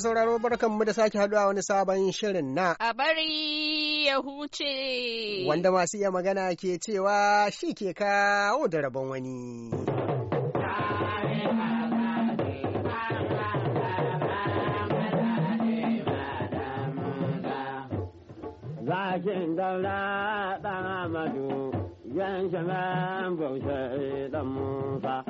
sauraro barkan mu da sake haduwa wani sabon shirin na. A bari ya huce. Wanda masu iya magana ke cewa shi ke kawo da rabon wani. Zakin daura ɗan amadu yan shaman bautar ɗan musa.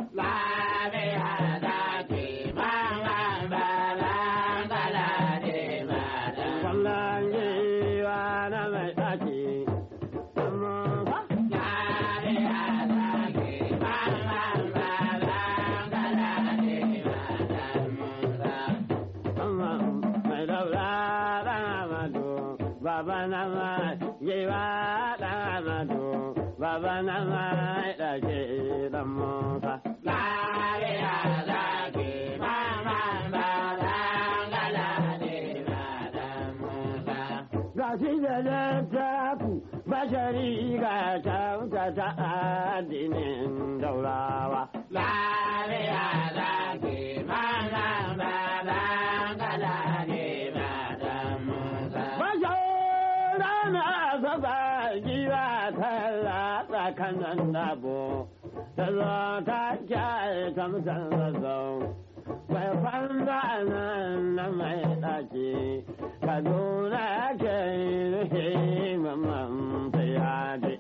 shari'a ta ta adinin daurawa. Lariya ta ta kyaye ta musan zazzau bai fanda nan na mai ɗaki kaduna yake rihe mamman ta yadi.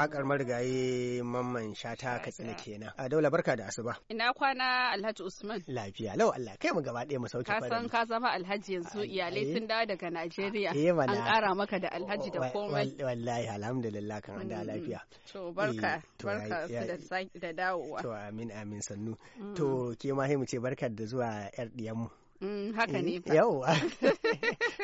wakar marigayi mamman shata katsina kenan a daula barka da asuba ina kwana alhaji usman lafiya lau allah kai mu gaba ɗaya mu sauke ka san ka zama alhaji yanzu iyalai sun dawo daga najeriya eh, an ƙara maka da alhaji da komai wallahi alhamdulillah kan an da mm. lafiya to barka eh, barka da dawowa to amin amin sannu mm. to ke ma mu ce barka da zuwa yar mu. Mm, haka ne fa yawwa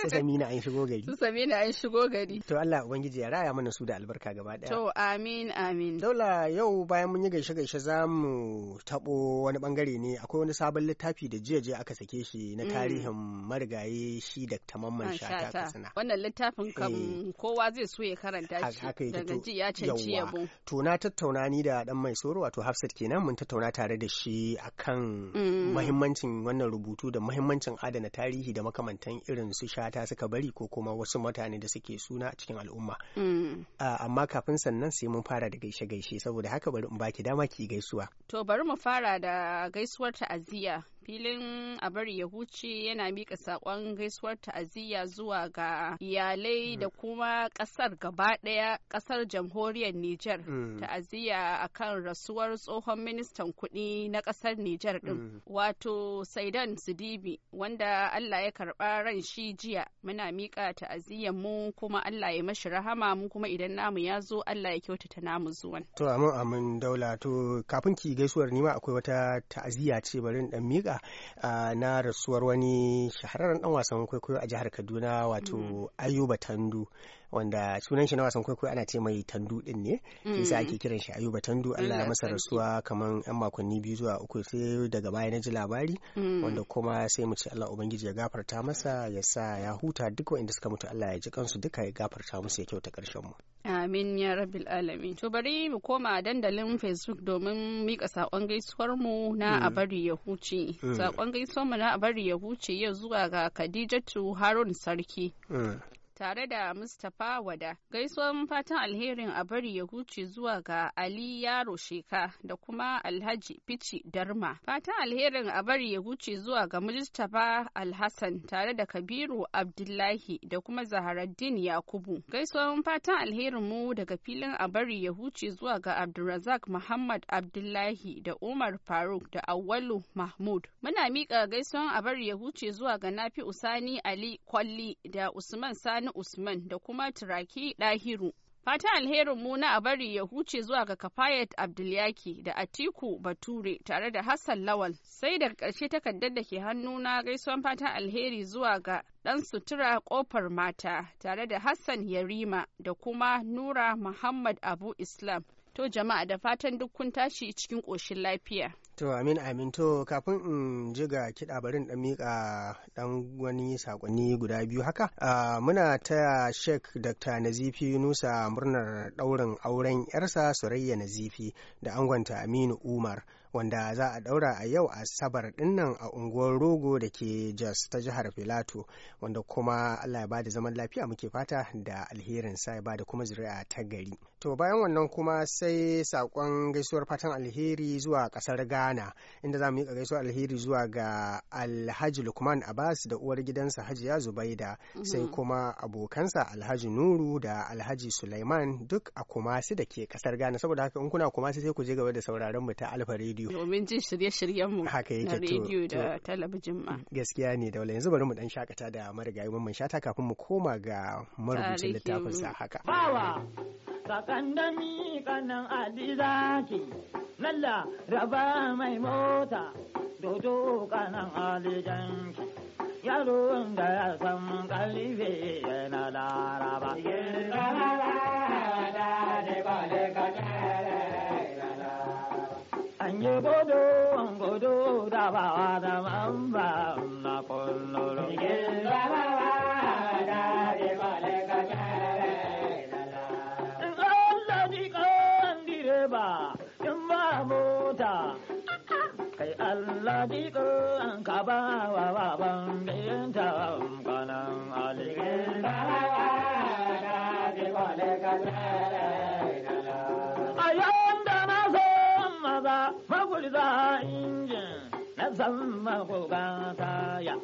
su samina an shigo gari su samina an shigo gari to Allah ubangiji ya raya mana su da albarka gaba daya to amin amin daula yau bayan mun yi gaishe gaishe za mu tabo wani bangare ne akwai wani sabon littafi da jiya jiya aka sake shi na mm. tarihin marigayi shi da tamamman shata kasana wannan littafin kam eh. kowa zai so ya karanta shi daga ji ya canci yabo to na tattauna ni da dan mai soro wato Hafsat kenan mun tattauna tare da shi akan mm. muhimmancin wannan rubutu da muhimmancin muhimmancin adana tarihi da makamantan irin su shata suka bari ko kuma wasu mutane da suke suna a cikin al'umma mm. amma kafin sannan sai mun fara da gaishe gaishe saboda haka bari in baki dama ki gaisuwa to bari mu fara da gaisuwar ta'aziyya filin a bari ya huce yana mika saƙon gaisuwar ta'aziyya zuwa ga iyalai mm. da kuma ƙasar gaba daya kasar jamhuriyar Nijar mm. ta'aziyya a kan rasuwar tsohon ministan kuɗi na ƙasar Nijar din mm. wato Saidan Sidibi wanda Allah ya karba ran shi jiya muna mika ta'aziyyar mu kuma Allah ya mashi rahama mu kuma idan namu ya zo Allah ya kyautata namu zuwan to amin amin daula to kafin ki gaisuwar nima akwai wata ta'aziyya ce bari in dan mika na rasuwar wani shahararren ɗan wasan kwaikwayo a jihar Kaduna wato mm. Ayuba Tandu wanda sunan shi na wasan kwaikwayo ana ce mai tandu din ne shi sa ake mm. kiran shi ayuba tandu Allah ya mm, masa rasuwa kamar yan makonni biyu zuwa uku sai daga baya na ji labari mm. wanda kuma sai mu ce Allah ubangiji ya gafarta masa ya sa ya huta duk inda suka mutu Allah ya ji kansu duka ya gafarta musu ya kyauta karshen mu amin ya rabbil alamin to bari mu koma dandalin facebook domin mika sakon gaisuwar mu na a bari ya huce sakon gaisuwar mu na a bari ya huce yau zuwa ga Khadijatu Harun Sarki tare da Mustapha Wada. Gaisuwan fatan alherin a bari ya huce zuwa ga Ali Yaro Sheka da kuma Alhaji Fici Darma. Fatan alherin a bari ya huce zuwa ga Mustapha Alhassan tare da Kabiru Abdullahi da kuma Zaharaddin Yakubu. Gaisuwan fatan alherin mu daga filin a bari ya huce zuwa ga Abdulrazak Muhammad Abdullahi da Umar Faruk da Awalu Mahmud. Muna miƙa gaisuwan a bari ya huce zuwa ga Nafi Usani Ali Kwalli da Usman Sani Sani Usman da kuma Turaki Dahiru. fatan alherin mu na bari ya huce zuwa ga Kafayat Abdulyaki da Atiku Bature tare da Hassan Lawal sai daga ƙarshe takardar da ke hannu na gaisuwan fatan alheri zuwa ga ɗan sutura ƙofar mata tare da Hassan Yarima da kuma Nura Muhammad Abu Islam To jama'a da fatan duk kun tashi cikin ƙoshin lafiya. To amin amin to kafin in ji ga kiɗa barin ɗan miƙa ɗan wani sakonni guda biyu haka. muna taya Sheikh Dr. Nazifi Nusa murnar ɗaurin auren 'yarsa Surayya Nazifi da angonta Aminu Umar. wanda za a daura a yau asabar dinnan a unguwar rogo da ke jos ta jihar filato wanda kuma allah ya bada zaman lafiya muke fata da alherin sa ya bada kuma zuri'a ta gari To bayan wannan kuma sai sakon gaisuwar fatan alheri zuwa kasar Ghana inda za mu yi gaisuwar alheri zuwa ga Alhaji Lukman Abbas da uwar gidansa Hajiya Zubaida mhm. sai kuma abokansa Alhaji Nuru da Alhaji Sulaiman duk a Kumasi da ke kasar Ghana saboda haka in kuna Kumasi sai ku je gaba da sauraron mu ta Alfa Radio. Domin jin shirye-shiryen mu na radio da talabijin ma. Gaskiya ne da yanzu bari mu dan shakata da marigayi mun shata kafin mu koma ga marubucin littafin sa haka. kakandami kanan Zaki, lalla raba mai mota dodo kanan alijanki yaron da ya san kalife yana laraba an yi godo godo da bawa da mamba diɗo an ka ba wa wa ban biyan ta kanan ba da bi kwale a yawan da na so maza magulza injin na san magulgata ya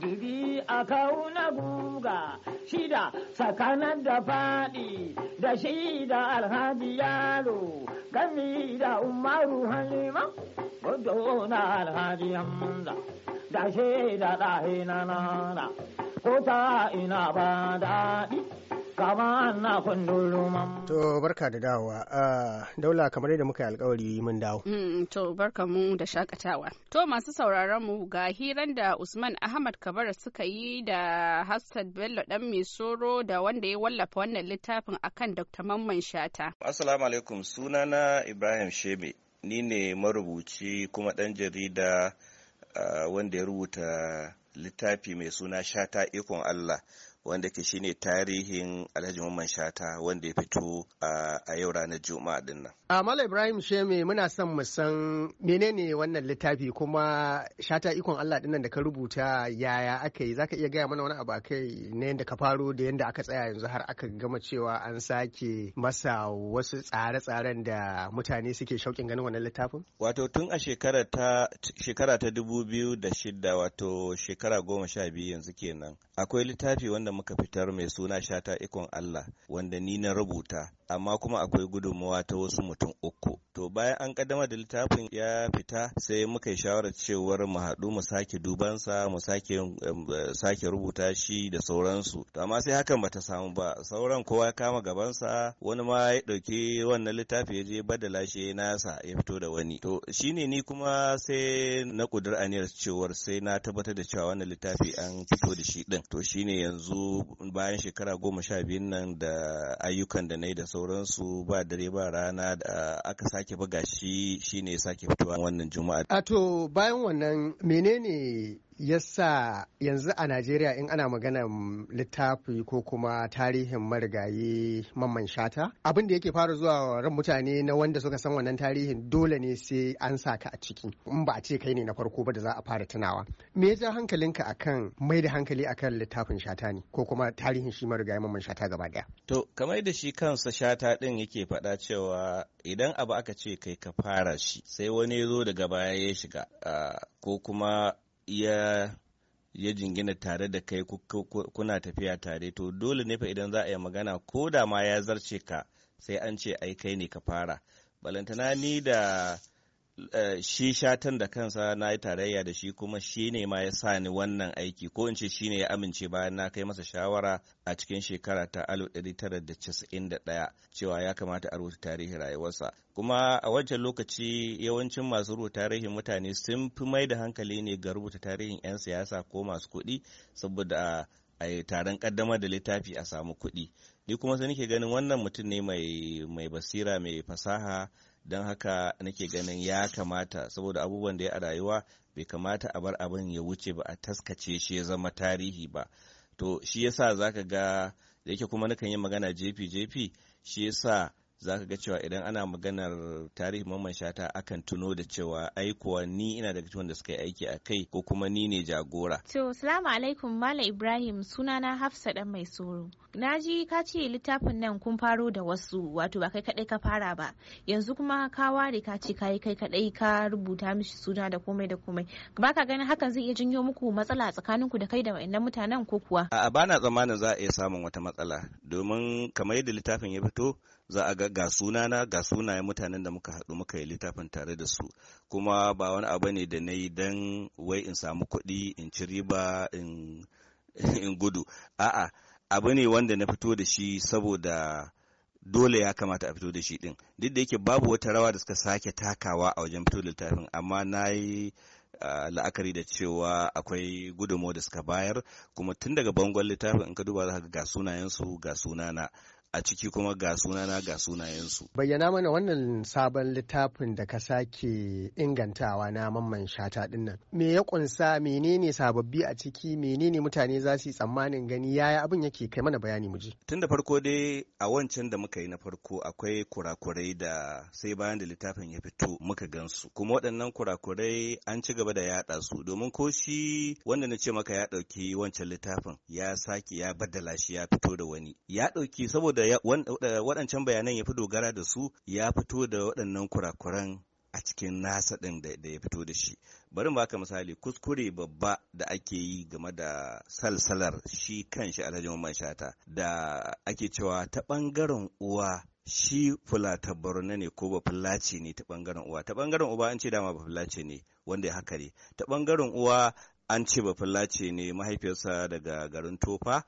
jibi a kauna guga shida tsakanin da faɗi da shida alhaji yaro kamira umaru halima gudu na alhaji amza da da ɗahi na nana ko ta ina ba daɗi To barka da dawowa. Ah, Daula kamar yadda muka yi alkawari mun dawo. Mm, to barka mu da shakatawa. To masu sauraron mu ga hiran da Usman Ahmad Kabara suka yi da Hassan Bello dan mai soro da wanda ya wallafa wannan littafin akan Dr. Mamman Shata. Assalamu alaikum sunana Ibrahim Shebe. Ni ne marubuci kuma ɗan jarida ah, wanda ya rubuta littafi mai suna Shata Ikon Allah wanda ke shine tarihin Alhaji Mamman Shata wanda ya fito a yau ranar Juma'a din nan. Amal Ibrahim Sheme muna son mu san menene wannan littafi kuma Shata ikon Allah nan da ka rubuta yaya aka yi zaka iya gaya mana wani abu akai ne yadda ka faro da yadda aka tsaya yanzu har aka gama cewa an sake masa wasu tsare-tsaren da mutane suke shauƙin ganin wannan littafin? Wato tun a shekara ta dubu biyu da shida wato shekara goma sha biyu yanzu kenan akwai littafi wanda muka fitar mai suna shata ikon Allah wanda ni na rubuta amma kuma akwai gudunmawa ta wasu mutum uku. To bayan an kaddama da littafin ya fita sai muka yi shawarar cewar mu haɗu mu sake dubansa mu sake sake rubuta shi da sauransu. To amma sai hakan bata samu ba sauran kowa ya kama gabansa wani ma ya ɗauki wannan littafi ya je badala shi nasa ya fito da wani. To shine ni kuma sai na kudur aniyar cewar sai na tabbatar da cewa wannan littafi an fito da shi ɗin. To shine yanzu bayan shekara goma sha biyun nan da ayyukan da na yi da sauransu ba dare ba rana da aka sake buga shi shine sake fitowa wannan juma'a. Ato bayan wannan menene yasa yanzu a najeriya in ana magana littafi ko kuma tarihin marigayi mamman shata abin da yake fara zuwa ran mutane na wanda suka san wannan tarihin dole ne sai an sa ka a ciki in ba a ce kai ne na farko ba da za a fara tunawa me ya ja hankalinka akan mai da hankali akan littafin shata ne ko kuma tarihin shi marigayi mamman shata gaba daya to kamar da shi kansa shata din yake faɗa cewa idan abu aka ce kai ka fara shi sai wani ya zo daga baya ya shiga ah, ko kuma iya ya jingina tare da kai kuna tafiya tare to dole ne fa idan za a yi magana ko da ma ya zarce ka sai an ce ai kai ne ka fara balantana ni da Eh, shi shatan da kansa na yi tarayya da shi kuma shi ne ma ya sa ni wannan aiki ko in ce shi ne ya amince bayan na kai masa shawara a cikin shekara ta 1991 cewa ya kamata a rubuta tarihin rayuwarsa kuma a wancan lokaci yawancin masu rubuta tarihin mutane sun fi mai da hankali ne ga rubuta tarihin 'yan siyasa ko masu kuɗi saboda a yi taron kaddamar da littafi a samu kuɗi ni kuma sai nake ganin wannan mutum ne mai basira mai fasaha don haka nake ganin ya kamata saboda abubuwan da ya a rayuwa bai kamata a bar abin ya wuce ba a taskace shi ya zama tarihi ba to shi yasa zaka ga da yake kuma nakan yi magana jefi jefi shi yasa za ka ga cewa idan ana maganar tarihi Mamman Shata akan tuno da cewa aikuwa ni ina daga cikin wanda suka yi aiki a kai ko kuma ni ne jagora. To, salamu alaikum Malam Ibrahim sunana Hafsa dan mai soro. Na ji ka ce littafin nan kun faro da wasu wato ba kai kadai ka fara ba. Yanzu kuma ka ware ka ce kai kai kadai ka rubuta mishi suna da komai da komai. Ba ka ganin hakan zai iya janyo muku matsala tsakanin ku da kai da wayannan mutanen ko kuwa? A'a bana tsammanin za a iya samun wata matsala domin kamar yadda littafin ya fito za a ga ga sunana ga sunayen mutanen da muka haɗu muka yi littafin tare da su kuma ba wani abu ne da na yi don wai in samu kuɗi in ci riba in gudu a'a abu ne wanda na fito da shi saboda dole ya kamata a fito da shi din duk da yake babu wata rawa da suka sake takawa a wajen fito da littafin amma na yi la'akari da cewa akwai gudumo da suka bayar kuma tun daga bangon littafin in ka duba za ga sunayensu ga sunana a ciki kuma ga sunana ga sunayensu. Bayyana mana wannan sabon littafin da ka sake ingantawa na mamman shata dinnan. Me ya kunsa menene sababbi a ciki menene mutane za su yi tsammanin gani yaya abin yake kai mana bayani muji. Tun da farko dai a wancan da muka yi na farko akwai kurakurai da sai bayan da littafin ya fito muka gansu kuma waɗannan kurakurai an ci gaba da yaɗa su domin ko shi wanda na ce maka ya ɗauki wancan littafin ya sake ya baddala shi ya fito da wani ya ɗauki saboda waɗancan bayanan ya fi dogara da su ya fito da waɗannan kurakuran a cikin nasa ɗin da ya fito da shi bari mu baka misali kuskure babba da ake yi game da salsalar shi shi, alhaji Mamman Shata da ake cewa ta ɓangaren uwa shi fulata borno ne ko bafullaci ne ta ɓangaren uwa ta ɓangaren uwa an ce dama bafullaci ne wanda ya haka ne ta ɓangaren uwa an ce bafulace ne mahaifiyarsa daga garin tofa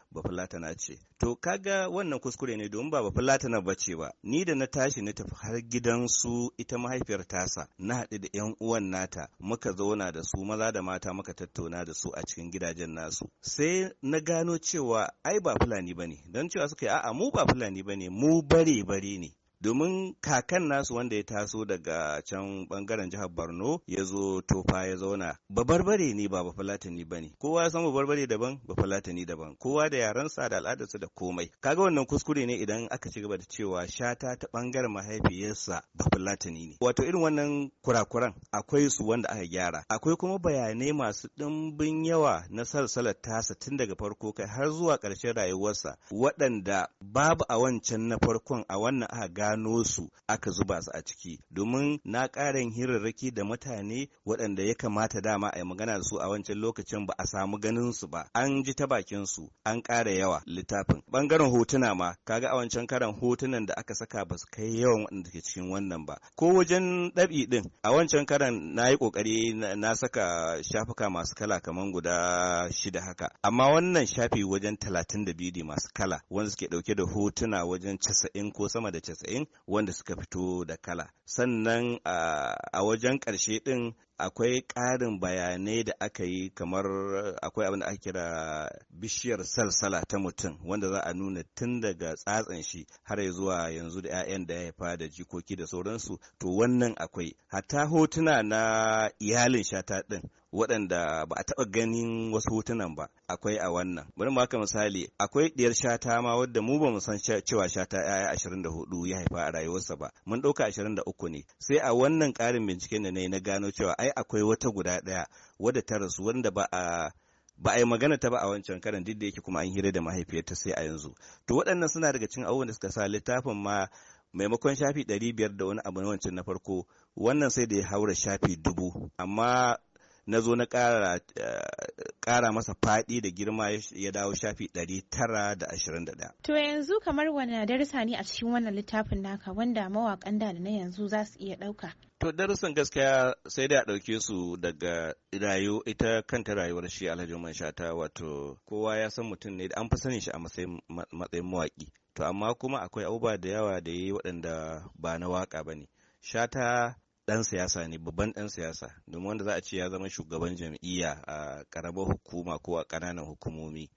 na ce to kaga wannan kuskure ne domin ba bafulatana ba ce ba ni da na tashi na tafi har gidansu ita mahaifiyar tasa na haɗu da yan uwan nata muka zauna da su maza da mata muka tattauna da su a cikin gidajen nasu sai na gano cewa ai ba fulani bane don cewa suka yi a'a mu ba fulani bane mu bare bare ne domin kakan nasu wanda ya taso daga can bangaren jihar Borno ya zo tofa ya zauna babarbare ne ba Bafalatani ba ne kowa ya san babarbare daban Bafalatani daban kowa da sa da al'adarsa da komai kaga wannan kuskure ne idan aka ci gaba da cewa shata ta bangaren mahaifiyarsa Bafalatani ne wato irin wannan kurakuran akwai su wanda aka gyara akwai kuma bayanai masu ɗimbin yawa na salsalar tasa tun daga farko kai har zuwa ƙarshen rayuwarsa waɗanda babu a wancan na farkon a wannan aka gano su aka zuba su a ciki domin na ƙarin hirarraki da mutane waɗanda ya kamata dama a yi magana da su a wancan lokacin ba a samu ganin su ba an ji ta bakin su an ƙara yawa littafin bangaren hotuna ma kaga a wancan karan hotunan da aka saka ba su kai yawan waɗanda ke cikin wannan ba ko wajen ɗabi ɗin a wancan karan na yi ƙoƙari na saka shafuka masu kala kamar guda shida haka amma wannan shafi wajen talatin da biyu masu kala wanda suke ɗauke da hotuna wajen casa'in ko sama da casa'in wanda suka fito da kala sannan ah, a wajen ƙarshe ɗin akwai ƙarin bayanai da aka yi kamar akwai abin da aka kira bishiyar salsala ta mutum wanda za a nuna tun daga tsatsan shi har ya zuwa yanzu da 'ya'yan da ya haifa da jikoki da sauransu to wannan akwai hatta hotuna na iyalin shata ɗin waɗanda ba a taɓa ganin wasu hotunan ba akwai a wannan bari mu haka misali akwai ɗiyar shata ma wadda mu bamu san cewa shata yaya ashirin ya haifa a rayuwarsa ba mun ɗauka ashirin ne sai a wannan ƙarin binciken da na na gano cewa ai akwai wata guda ɗaya wadda ta rasu wanda ba a ba a yi magana ta ba a wancan karan duk da yake kuma an hira da mahaifiyarta sai a yanzu to waɗannan suna daga cikin abubuwan da suka sa littafin ma maimakon shafi ɗari biyar da wani abu na wancan na farko wannan sai da ya haura shafi dubu amma na zo na eh, ƙara masa faɗi da girma ya dawo shafi 921. To yanzu kamar wani darussa ne a cikin wannan littafin naka wanda mawakan da na yanzu za su iya ɗauka. To darussan gaskiya sai da a ɗauke su daga rayu ita kanta rayuwar shi Alhaji Umar Shata wato kowa ya san mutum ne an fi sanin shi a matsayin mawaƙi. To amma kuma akwai abubuwa da yawa da ya yi waɗanda ba na waka ba ne. Shata dan siyasa ne babban dan siyasa domin wanda za a ce ya zama shugaban jam'iyya a karamar hukuma ko a ƙananan hukumomi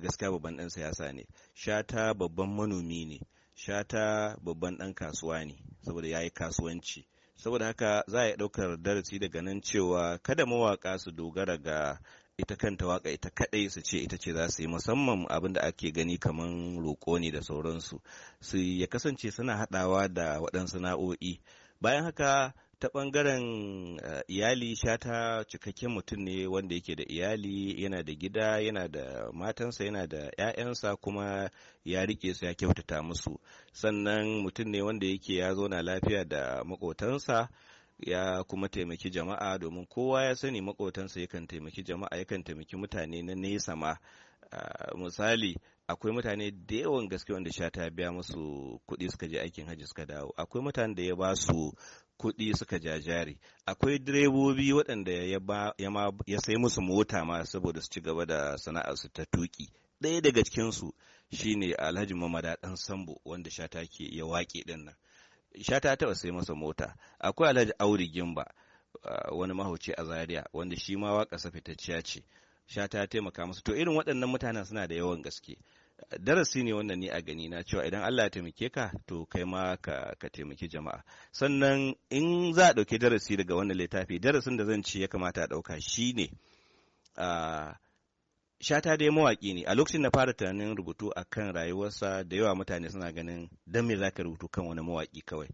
gaskiya babban dan siyasa ne shata babban manomi ne shata babban dan kasuwa ne saboda ya yi kasuwanci saboda haka za a yi ɗaukar darasi daga nan cewa kada mawaka su dogara ga ita kanta waka ita kadai su ce ita ce za su yi musamman abin da ake gani kamar roƙo ne da sauransu su ya kasance suna haɗawa da waɗansu na'o'i bayan haka ta bangaren eh, iyali shata cikakken mutum ne wanda yake da iyali yana da gida yana da matansa yana da 'ya'yansa kuma ya rike su ya kyautata musu sannan mutum ne wanda yake ya zauna lafiya da makotansa ya kuma taimaki jama'a domin kowa ya sani makotansa yakan taimaki jama'a yakan taimaki mutane na nesa ma ah, misali akwai mutane da yawan gaske wanda sha ta biya musu kuɗi suka je aikin hajji suka dawo akwai mutane da ya ba su kuɗi suka jajari akwai direbobi waɗanda ya sai musu mota ma saboda su ci gaba da su ta tuki ɗaya daga cikin su shine alhaji mamada ɗan sambo wanda ta ke ya waƙe din nan ta taɓa sai masa mota akwai alhaji auri gimba ah, wani mahauci a zaria wanda shi ma waƙa fitacciya ce shata ya taimaka musu to irin waɗannan mutanen suna da yawan gaske darasi ne wannan ne a gani na cewa idan Allah ya taimake ka to kai ma ka, taimaki jama'a sannan in za a ɗauki darasi daga wannan littafi darasin da zan ci ya kamata a ɗauka shi a shata dai mawaƙi ne a lokacin na fara tunanin rubutu a kan rayuwarsa da yawa mutane suna ganin don me za ka rubutu kan wani mawaƙi kawai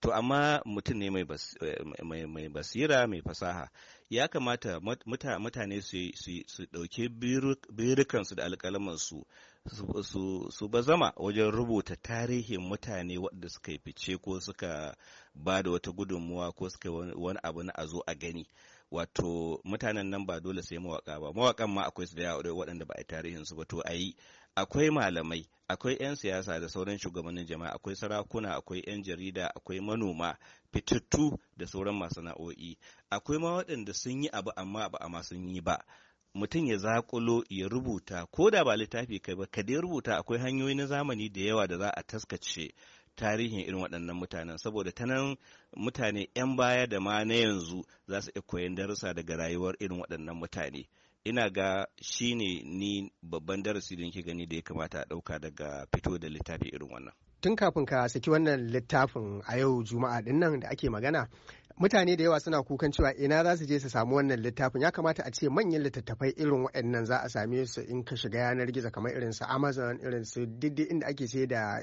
to amma mutum ne mai eh, basira mai fasaha ya kamata mutane su ɗauki birikansu da alƙalamansu su zama wajen rubuta tarihin mutane waɗanda suka yi fice ko suka ba da wata gudunmuwa ko suka wani abu na a zo a gani wato mutanen nan ba dole sai mawaka ba mawakan ma akwai su da yawa waɗanda ba a tarihin su ba to a yi akwai malamai akwai 'yan siyasa da sauran shugabannin jama'a akwai sarakuna akwai 'yan jarida akwai manoma fitattu da sauran masana'o'i akwai ma waɗanda sun yi abu amma ba a ma sun yi ba mutum ya zakulo ya rubuta ko da ba littafi kai ba ka dai rubuta akwai hanyoyi na zamani da yawa da za a taskace tarihin irin waɗannan mutanen saboda ta nan mutane 'yan baya da ma na yanzu za su iya koyan darussa daga rayuwar irin waɗannan mutane ina ga shi ne ni babban darasi da yake gani da ya kamata a ɗauka daga fito da littafi irin wannan tun kafin ka saki wannan littafin a yau juma'a ɗin nan da ake magana mutane da yawa suna kukan cewa ina za su je su samu wannan littafin ya kamata a ce manyan littattafai irin waɗannan za a same su in ka shiga yanar gizo kamar irin su amazon irin su diddi inda ake sai da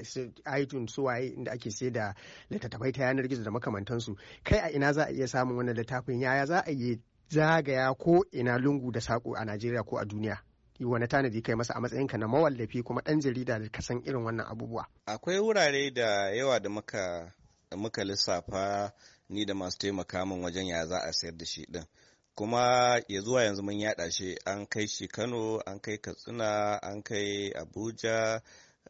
itunes su waye inda ake sai da littattafai ta yanar gizo da makamantansu kai a ina za a iya samun wannan littafin yaya za a yi zagaya ko ina lungu da sako a najeriya ko a duniya wani tanadi kai masa a matsayinka na mawallafi kuma ɗan jarida da kasan irin wannan abubuwa akwai wurare da yawa da muka lissafa ni da masu taimaka min wajen ya za a sayar da shi din kuma ya zuwa yanzu mun yada shi an kai shi kano an kai katsina an kai abuja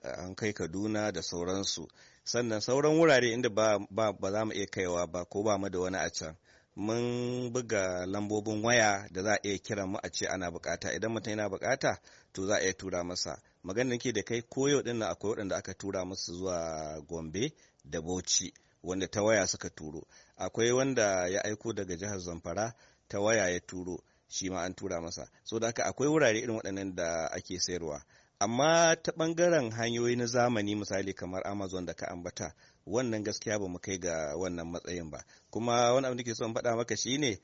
an kai kaduna da sauransu sannan sauran wurare inda ba za mu iya kaiwa ba ko ba mu da wani a can mun buga lambobin waya da za a iya kiran mu a ce ana bukata idan mutum yana bukata to za a iya tura masa maganin ke da kai koyo din akwai waɗanda aka tura musu zuwa gombe da bauchi wanda ta waya suka turo akwai wanda ya aiko daga jihar zamfara ta waya ya turo shi ma an tura masa so da haka akwai wurare irin waɗannan da ake sayarwa amma ta ɓangaren hanyoyi na zamani misali kamar amazon da ka ambata wannan gaskiya ba mu kai ga wannan matsayin ba kuma wani abu da ke son faɗa maka shine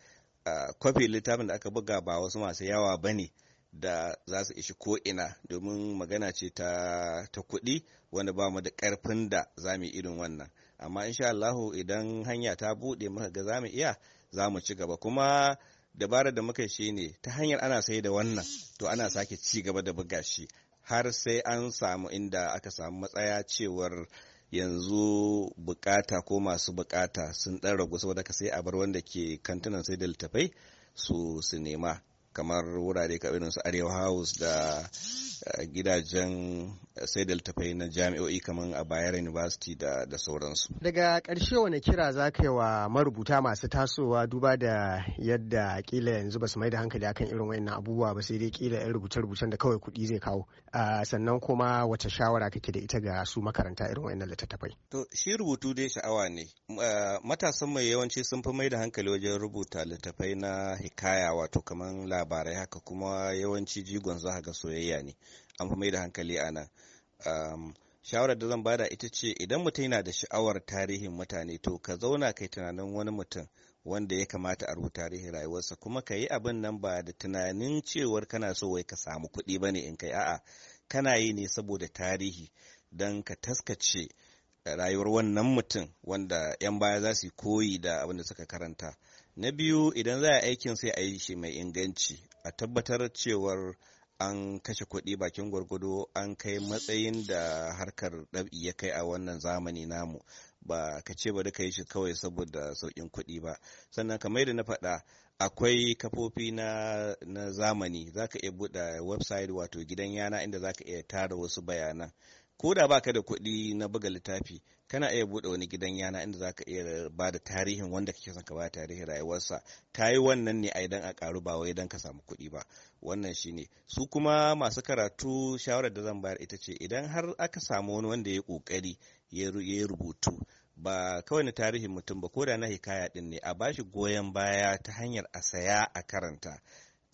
kwafi littafin da aka buga ba wasu masu yawa ba ne da za su ishi ko'ina domin magana ce ta kuɗi wanda ba mu da ƙarfin da za mu irin wannan amma insha Allahu idan hanya ta buɗe muka ga zamu iya za mu ci gaba kuma dabarar da muka shi ne ta hanyar ana sai da wannan to ana sake ci gaba da buga shi har sai an samu inda aka samu matsaya cewar yanzu bukata ko masu bukata sun ɗan ragu saboda ka sai a bar wanda ke kantunan sai da littafai su su nema kamar wurare irin su arewa house da eh, gidajen eh, sai da na jami'o'i kamar a bayar university da, da sauransu daga ƙarshe wani kira za ka yi wa marubuta masu tasowa duba da yadda kila yanzu ba su mai da hankali akan irin wayannan abubuwa ba sai dai kila yan rubuce-rubucen da kawai kuɗi zai kawo ah, sannan kuma wace shawara kake da ita ga su makaranta irin wayannan littattafai to shi rubutu dai sha'awa ne eh, matasan mai yawanci sun fi mai da hankali wajen rubuta littattafai na hikaya wato kamar la labarai haka kuma yawanci jigon za ga soyayya ne an fi mai da hankali a nan shawarar da zan bada ita ce idan mutum yana da sha'awar tarihin mutane to ka zauna kai tunanin wani mutum wanda ya kamata a rubuta tarihin rayuwarsa kuma ka yi abin nan ba da tunanin cewar kana so wai ka samu kuɗi ba ne in kai a'a kana yi ne saboda tarihi don ka taskace rayuwar wannan mutum wanda 'yan baya za su koyi da abin da suka karanta. na biyu idan za a aikin sai a yi shi mai inganci a tabbatar cewar an kashe kuɗi bakin gwargwado an kai matsayin da harkar ɗabi ya kai a wannan zamani namu ba ka ce ba duka yi shi kawai saboda sauƙin kuɗi ba sannan kamar da na faɗa akwai kafofi na, na zamani za ka iya buɗe website wato gidan yana inda za ka iya tara wasu bayanan ko da baka da kuɗi na buga littafi kana iya buɗe wani gidan yana inda zaka iya ba da tarihin wanda kake son ka ba tarihin rayuwarsa ka yi wannan ne a idan a ƙaru ba wai idan ka samu kuɗi ba wannan shine su kuma masu karatu shawarar da zan bayar ita ce idan har aka samu wani wanda ya ƙoƙari ya rubutu ba kawai na tarihin mutum ba ko da na hikaya ɗin ne a bashi goyon baya ta hanyar a saya a karanta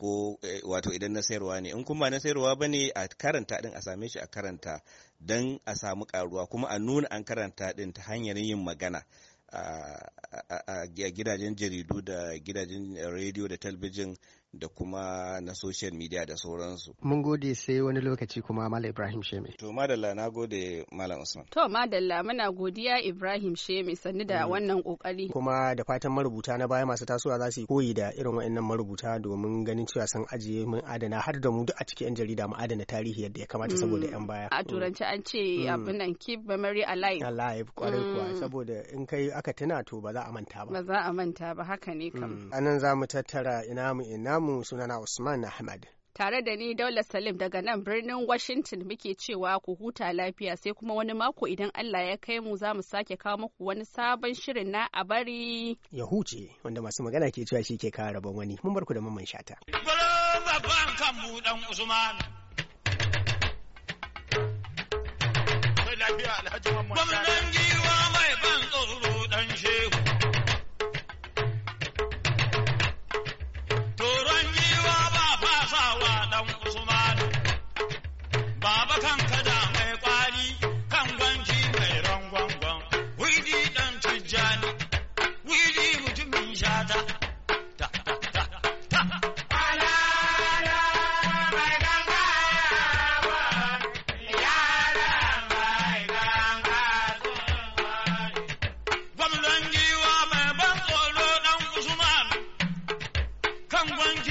ko eh, wato idan na sayarwa ne in kuma na sayarwa ba ne a karanta din a same shi a karanta don a samu karuwa kuma a nuna an karanta din ta hanyar yin magana a gidajen jaridu da gidajen rediyo da talbijin da kuma na social media da sauransu. Mun gode sai wani lokaci kuma Malam Ibrahim Shemi. To madalla na gode Malam Usman. To madalla muna godiya Ibrahim Shemi sannu da mm. wannan kokari. Kuma da fatan marubuta na baya masu tasowa za su yi koyi da irin wa'annan marubuta domin ganin cewa san ajiye mun adana har da mu duk a cikin 'yan jarida mu adana tarihi yadda ya kamata saboda 'yan mm. baya. A turanci an ce mm. abin nan keep memory alive. Alive kwarai kuwa saboda in kai aka tuna to ba za a manta ba. Ba za a manta ba haka ne kam. Anan za mu tattara ina mu ina namu sunana Usman Ahmad. Tare da ni Daula Salim daga nan birnin Washington muke cewa ku huta lafiya sai kuma wani mako idan Allah ya kai mu za mu sake kawo muku wani sabon shirin na a bari. Ya huce wanda masu magana ke cewa shi ke kawo rabon wani mun bar da mamman shata. Babban kan Gwamnan giwa mai ban tsoro dan shehu. I'm going